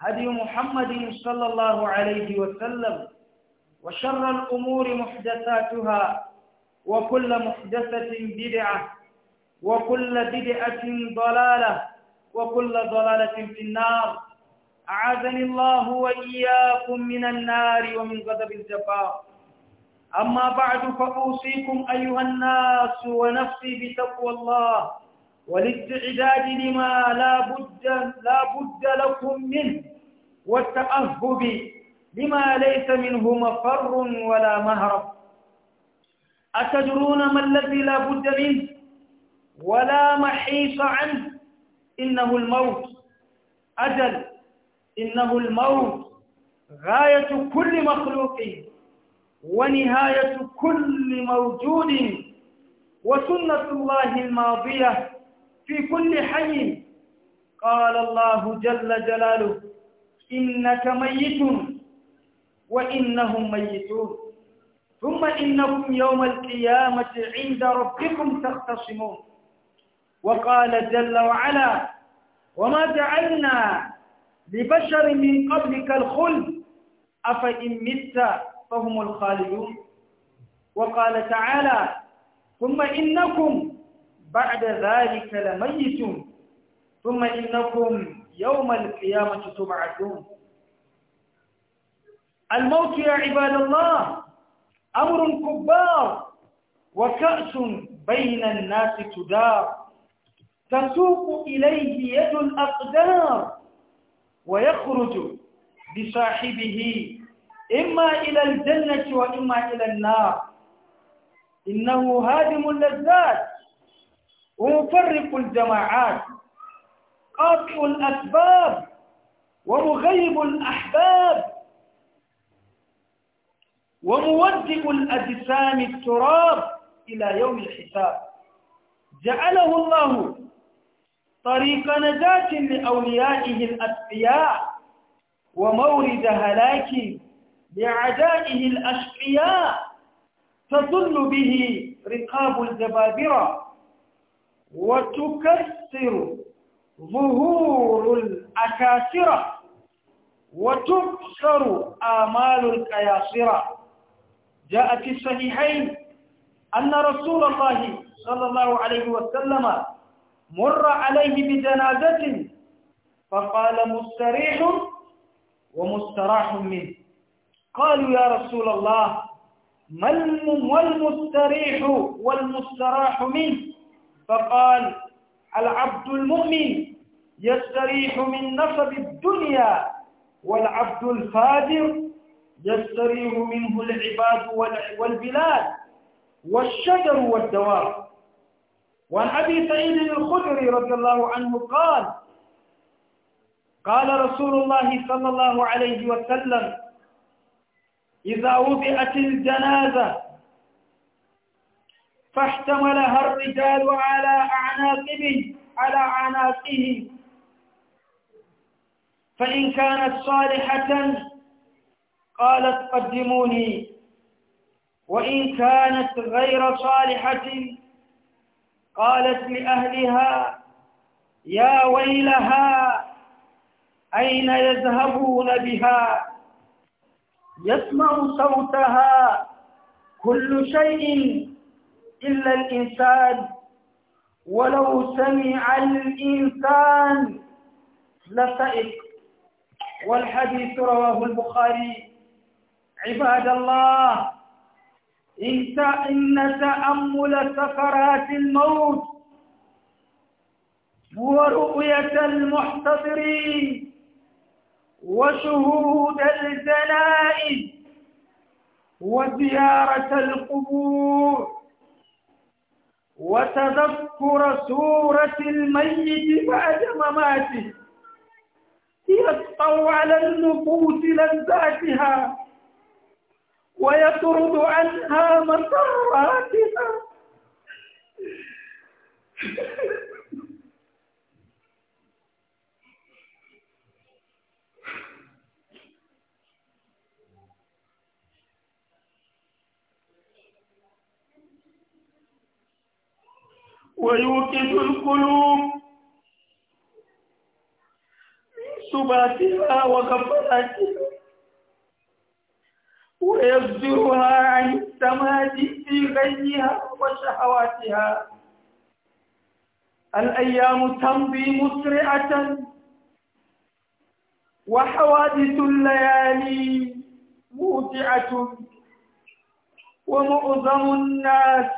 هدي محمد صلى الله عليه وسلم وشر الأمور محدثاتها وكل محدثة بدعة وكل بدعة ضلالة وكل ضلالة في النار أعاذني الله وإياكم من النار ومن غضب الجبار أما بعد فأوصيكم أيها الناس ونفسي بتقوى الله والاستعداد لما لا بد لا بد لكم منه والتأهب لما ليس منه مفر ولا مهرب أتدرون ما الذي لا بد منه ولا محيص عنه إنه الموت أجل إنه الموت غاية كل مخلوق ونهاية كل موجود وسنة الله الماضية في كل حي قال الله جل جلاله إنك ميت وإنهم ميتون ثم إنكم يوم القيامة عند ربكم تختصمون وقال جل وعلا وما جعلنا لبشر من قبلك الخلد أفإن مت فهم الخالدون وقال تعالى ثم إنكم بعد ذلك لميتون ثم إنكم يوم القيامة تبعثون الموت يا عباد الله أمر كبار وكأس بين الناس تدار تسوق إليه يد الأقدار ويخرج بصاحبه إما إلى الجنة وإما إلى النار إنه هادم اللذات ومفرق الجماعات قاطع الأسباب ومغيب الأحباب ومودع الأجسام التراب إلى يوم الحساب جعله الله طريق نجاة لأوليائه الأتقياء ومورد هلاك لعدائه الأشقياء تضل به رقاب الجبابرة وتكسر ظهور الأكاسرة وتكسر آمال الكياسرة جاء في الصحيحين أن رسول الله صلى الله عليه وسلم مر عليه بجنازة فقال مستريح ومستراح منه قالوا يا رسول الله ما المستريح والمستراح منه فقال العبد المؤمن يستريح من نصب الدنيا والعبد الفاجر يستريح منه العباد والبلاد والشجر والدواب وعن أبي سعيد الخدري رضي الله عنه قال قال رسول الله صلى الله عليه وسلم إذا وضعت الجنازة فاحتملها الرجال على أعناقهم على أعناقهم فإن كانت صالحة قالت قدموني وإن كانت غير صالحة قالت لأهلها يا ويلها أين يذهبون بها يسمع صوتها كل شيء إلا الإنسان ولو سمع الإنسان لسئق والحديث رواه البخاري عباد الله إن تأمل سفرات الموت ورؤية المحتضرين وشهود الجنائز وزيارة القبور وتذكر سورة الميت بعد مماته يسطو على النفوس لذاتها ويطرد عنها مساراتها ويوقد القلوب من سباتها وغفلاتها ويصدرها عن التمادي في غيها وشهواتها الأيام تمضي مسرعة وحوادث الليالي موجعة ومعظم الناس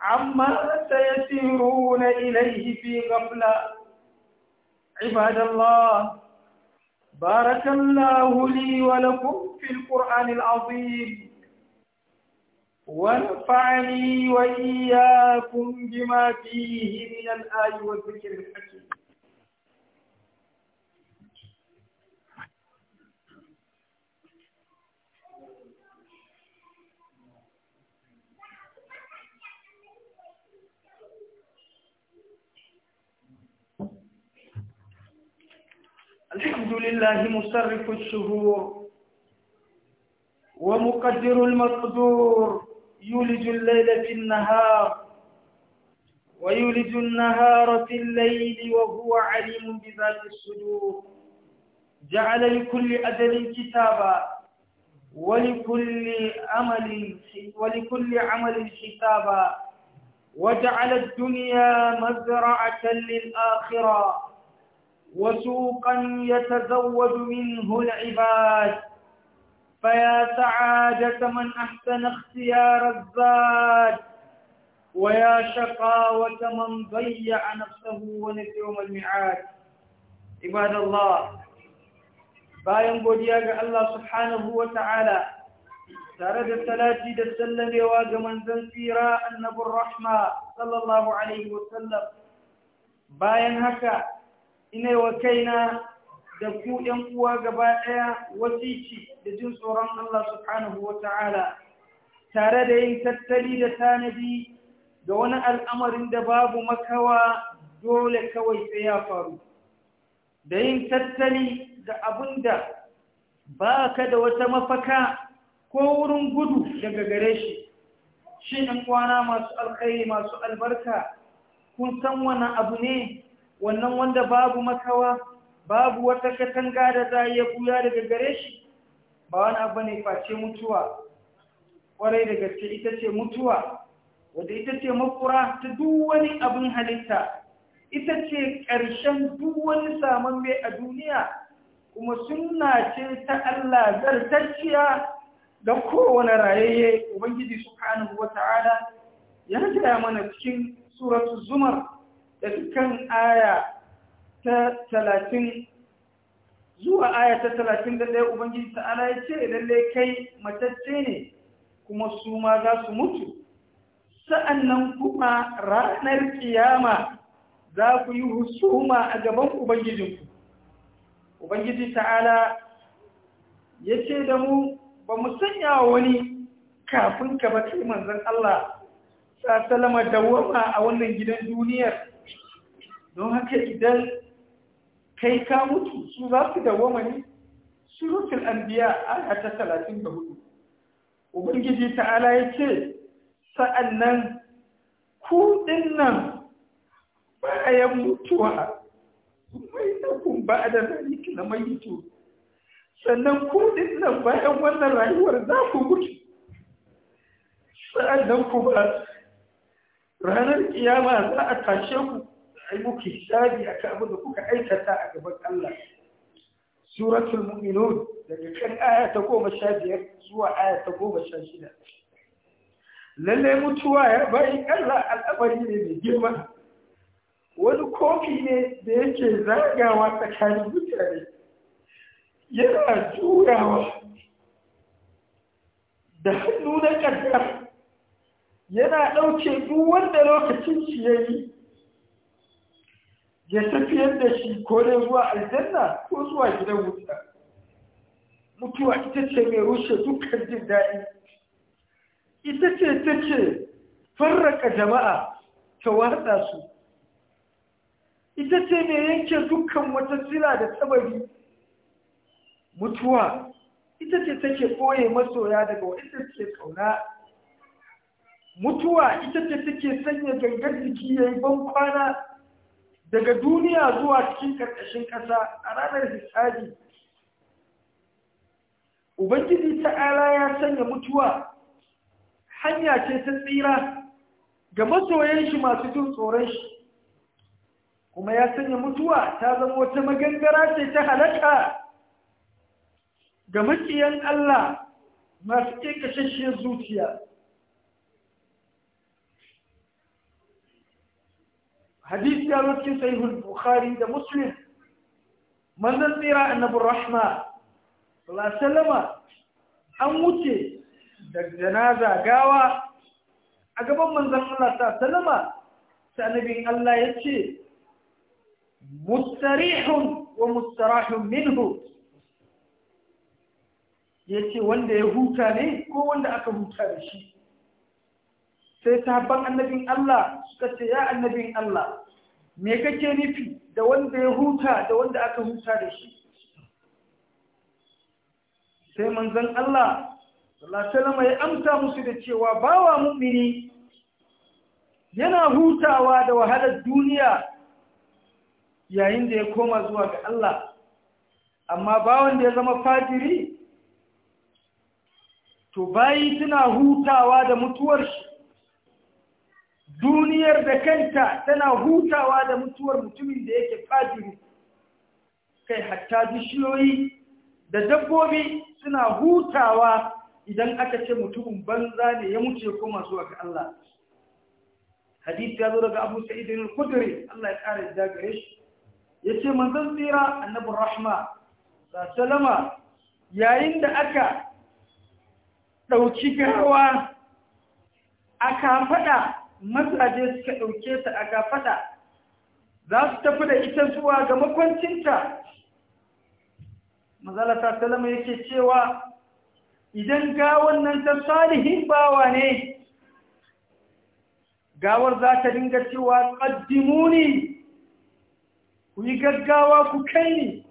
عما سيسيرون إليه في غفلة عباد الله بارك الله لي ولكم في القرآن العظيم ونفعني وإياكم بما فيه من الآي والذكر الحكيم الحمد لله مصرف الشهور ومقدر المقدور يولج الليل في النهار ويولج النهار في الليل وهو عليم بذات الصدور جعل لكل أجل كتابا ولكل أمل ولكل عمل حسابا وجعل الدنيا مزرعة للآخرة وسوقا يتزود منه العباد فيا سعادة من أحسن اختيار الزاد ويا شقاوة من ضيع نفسه ونسي يوم المعاد عباد الله بايم بودياغ الله سبحانه وتعالى سرد الثلاثي دسلم يواغ من زنفيرا النبو الرحمة صلى الله عليه وسلم بايم هكا ina wa kaina da ku ‘yan uwa gaba ɗaya wasici da jin tsoron Allah subhanahu wa ta'ala, tare da yin tattali da tanadi ga wani al'amarin da babu makawa dole kawai sai ya faru, da yin tattali ga abin da ba ka da wata mafaka ko wurin gudu daga gare shi, shi ɗan kwana masu alkhairi masu albarka, kun san wani abu ne wannan wanda babu makawa babu wata katanga da za ya buya daga gare shi ba wani abu ne face mutuwa kwarai da gaske ita ce mutuwa wadda ita ce makura ta duk abin halitta ita ce ƙarshen duwani wani saman mai a duniya kuma suna ce ta Allah zartacciya da kowane rayayye Ubangiji Subhanahu wata ala, ya rajaya mana cikin suratu zumar da kan aya ta talatin zuwa aya ta talatin da ɗaya Ubangiji ta'ala ya ce lalle kai matacce ne kuma su ma za su mutu. Sa'annan kuma ranar kiyama za ku yi husuma a gaban Ubangijinku. Ubangiji ta'ala ya ce da mu ba mu sanya wani kafin ka ba kai manzan Allah sa salama dawama a wannan gidan duniyar. don haka idan kai ka mutu su za su dawoma ne suratul anbiya talatin ta 34 ubangiji ta'ala ya ce sa'annan ku nan bayan mutuwa mai nakun ba da zalika na mutu sannan kudin nan bayan wannan rayuwar za ku mutu sa'annan ku ba ranar kiyama za a tashe ku ai muku hisabi akan abin da kuka aikata a gaban Allah suratul mu'minun daga kan aya ta goma sha biyar zuwa aya ta goma sha shida lallai mutuwa ya bayi Allah al'amari ne mai girma wani kofi ne da yake zagawa tsakanin mutane yana juyawa da hannu na ƙaddar yana ɗauke duk wanda lokacin shi ya yi ya tafiyar da shi ko dai zuwa aljanna ko zuwa gidan wuta mutuwa ita ce mai rushe dukkan jin daɗi ita ce ta ce farraka jama'a ta watsa su ita ce mai yanke dukkan wata sila da tsabari mutuwa ita ce take ɓoye masoya daga waɗanda suke ƙauna mutuwa ita ce take sanya gangar jiki ya yi ban kwana daga duniya zuwa cikin karkashin ƙasa a ranar hisabi ubangiji ta Ala ya sanya mutuwa hanya ce ta tsira ga masoyan shi masu jin tsoron shi kuma ya sanya mutuwa ta zama wata magangara ce ta halaka ga makiyan Allah masu ƙeƙashashiyar zuciya hadisi ya zo cikin sahihul da muslim Manzan tsira annabin rahma an wuce da janaza a gaban manzon Allah ta Allah ya ce mustarihun wa mustarahun minhu ya ce wanda ya huta ne ko wanda aka huta da shi sai sahabban annabin Allah suka ce ya annabin Allah me kake nufi da wanda ya huta da wanda aka huta da shi sai manzon Allah sallallahu alaihi ya amsa musu da cewa bawa mu'mini yana hutawa da wahalar duniya yayin da ya koma zuwa ga Allah amma bawan da ya zama fajiri to bayi suna hutawa da mutuwar shi duniyar da kanta tana hutawa da mutuwar mutumin da yake fajiri kai hatta bishiyoyi da dabbobi suna hutawa idan aka ce mutumin banza ne ya mutu ya koma zuwa ga Allah hadith ya zo daga Abu Sa'id al-Khudri Allah ya kare da gare shi yace manzon tsira annabi rahma sallama yayin da aka dauki garwa aka fada mazaje suka ɗauke ta a gafada za su tafi da ita zuwa ga makwancinta mazalata salama yake cewa idan gawar nan ta salihin bawa ne gawar za ta dinga cewa ƙaddimuni ku yi gaggawa ku kai ni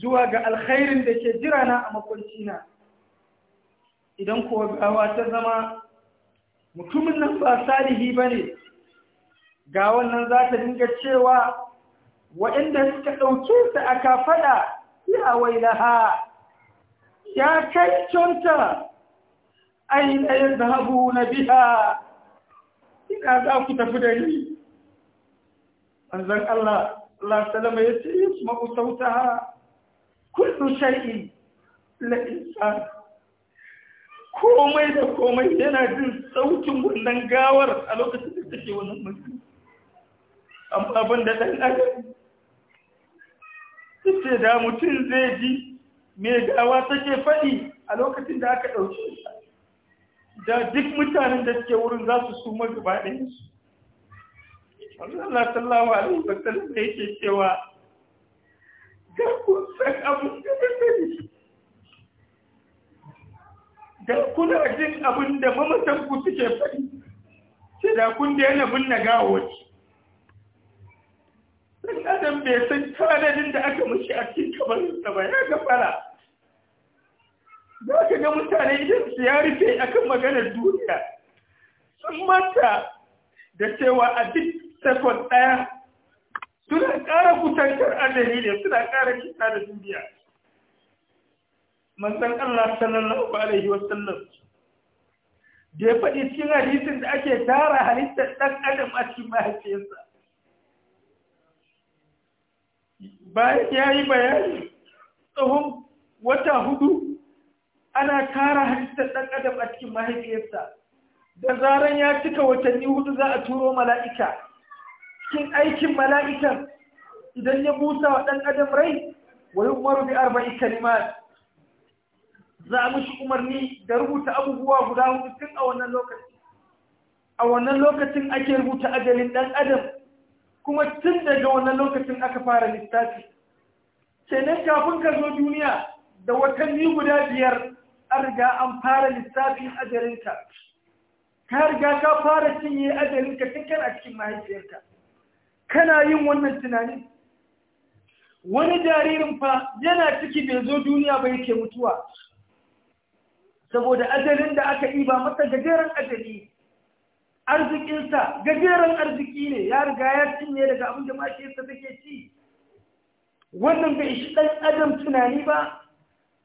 zuwa ga alkhairin da ke jirana a makwancina idan kuwa gawa ta zama mutumin nan ba salihi ba ne ga wannan za ta dinga cewa waɗanda suka ɗauke ta a kafaɗa ya wailaha ya kai tonta. aina ya zahabu na biya ina za ku tafi da ni manzan Allah Allah salama ya ce yi su makusautaha kullu komai da komai yana jin saukin wannan gawar a lokacin da take wannan mutum amma ban da ɗan adam ce da mutum zai ji me gawa take faɗi a lokacin da aka ɗauke shi da duk mutanen da suke wurin za su suma gaba ɗayansu Allah sallahu alaihi wasallam da yake cewa ga kun abin da kuna jin abin da mamatan ku suke faɗi sai da kun daina binne gawaci ɗan adam bai san tanadin da aka mashi a cikin kabarinsa ba ya gafara za ka ga mutane idan su ya rufe akan maganar duniya sun mata da cewa a duk sakon ɗaya suna ƙara kutantar adali ne suna ƙara kisa da duniya manzon Allah sallallahu alaihi sallam da ya faɗi cikin hadisin da ake tara halittar ɗan adam a cikin mahaifiyarsa bayan ya yi bayani tsohon wata hudu ana tara halittar ɗan adam a cikin mahaifiyarsa da zaran ya cika watanni hudu za a turo mala'ika cikin aikin mala'ikan idan ya busa wa ɗan adam rai wa yi umaru bi arba'i kalimat za a shi umarni da rubuta abubuwa guda hudu tun a wannan lokacin a wannan lokacin ake rubuta ajalin ɗan adam kuma tun daga wannan lokacin aka fara lissafi kenan kafin ka zo duniya da watanni guda biyar an riga an fara lissafin ajalinka ka riga ka fara cinye ajalinka tun kana cikin mahaifiyarka kana yin wannan tunani wani jaririn fa yana ciki bai zo duniya ba yake mutuwa saboda ajalin da aka yi ba masa gajeren ajali arzikinsa gajeren arziki ne ya riga ya cinye daga abin da mashiyarsa take ci wannan bai shi ɗan adam tunani ba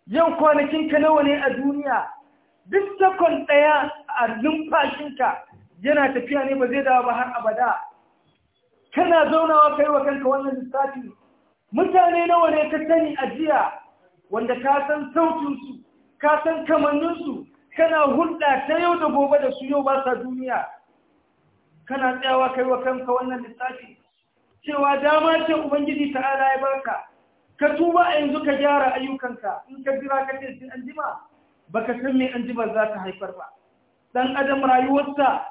yau kwanakinka nawa ne a duniya duk sakon ɗaya a numfashinka yana tafiya ne ba zai dawo ba har abada kana zaunawa kai wa kanka wannan lissafi mutane nawa ne ka sani a jiya wanda ka san sautinsu ka san kamanninsu kana hulɗa ta yau da gobe da su yau ba sa duniya kana tsayawa kai wa kanka wannan lissafi cewa dama ce ubangiji ta'ala ya barka ka tuba a yanzu ka gyara ayyukanka in ka jira ka ce sun anjima baka san me anjima za ta haifar ba Ɗan adam rayuwarsa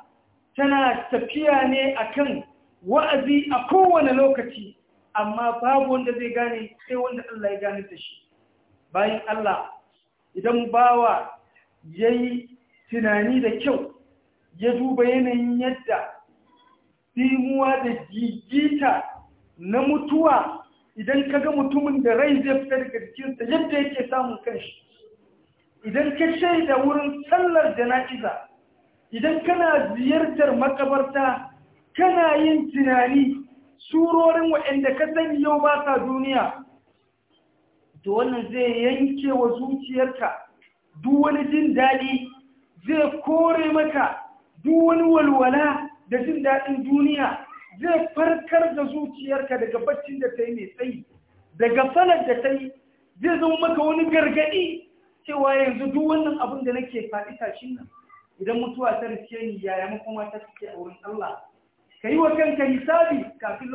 tana tafiya ne akan wa'azi a kowane lokaci amma babu wanda zai gane sai wanda Allah ya gane da shi bayan Allah idan bawa ya yi tunani da kyau ya duba yanayin yadda dimuwa da gigita na mutuwa idan ka ga mutumin da rai zai fita daga jikinsa yadda yake samun kanshi idan ka shaida wurin sallar jana'iza idan kana ziyartar makabarta kana yin tunani surorin waɗanda ka sani yau ba sa duniya to wannan zai yanke wa zuciyarka duk wani jin daɗi zai kore maka duk wani walwala da jin daɗin duniya zai farkar da zuciyarka daga baccin da ta yi mai tsayi daga falar da ta yi zai zama maka wani gargaɗi cewa yanzu duk wannan abin da nake faɗi tashin nan idan mutuwa ta riske ni yaya makoma ta suke a wurin Allah ka yi wa kanka hisabi kafin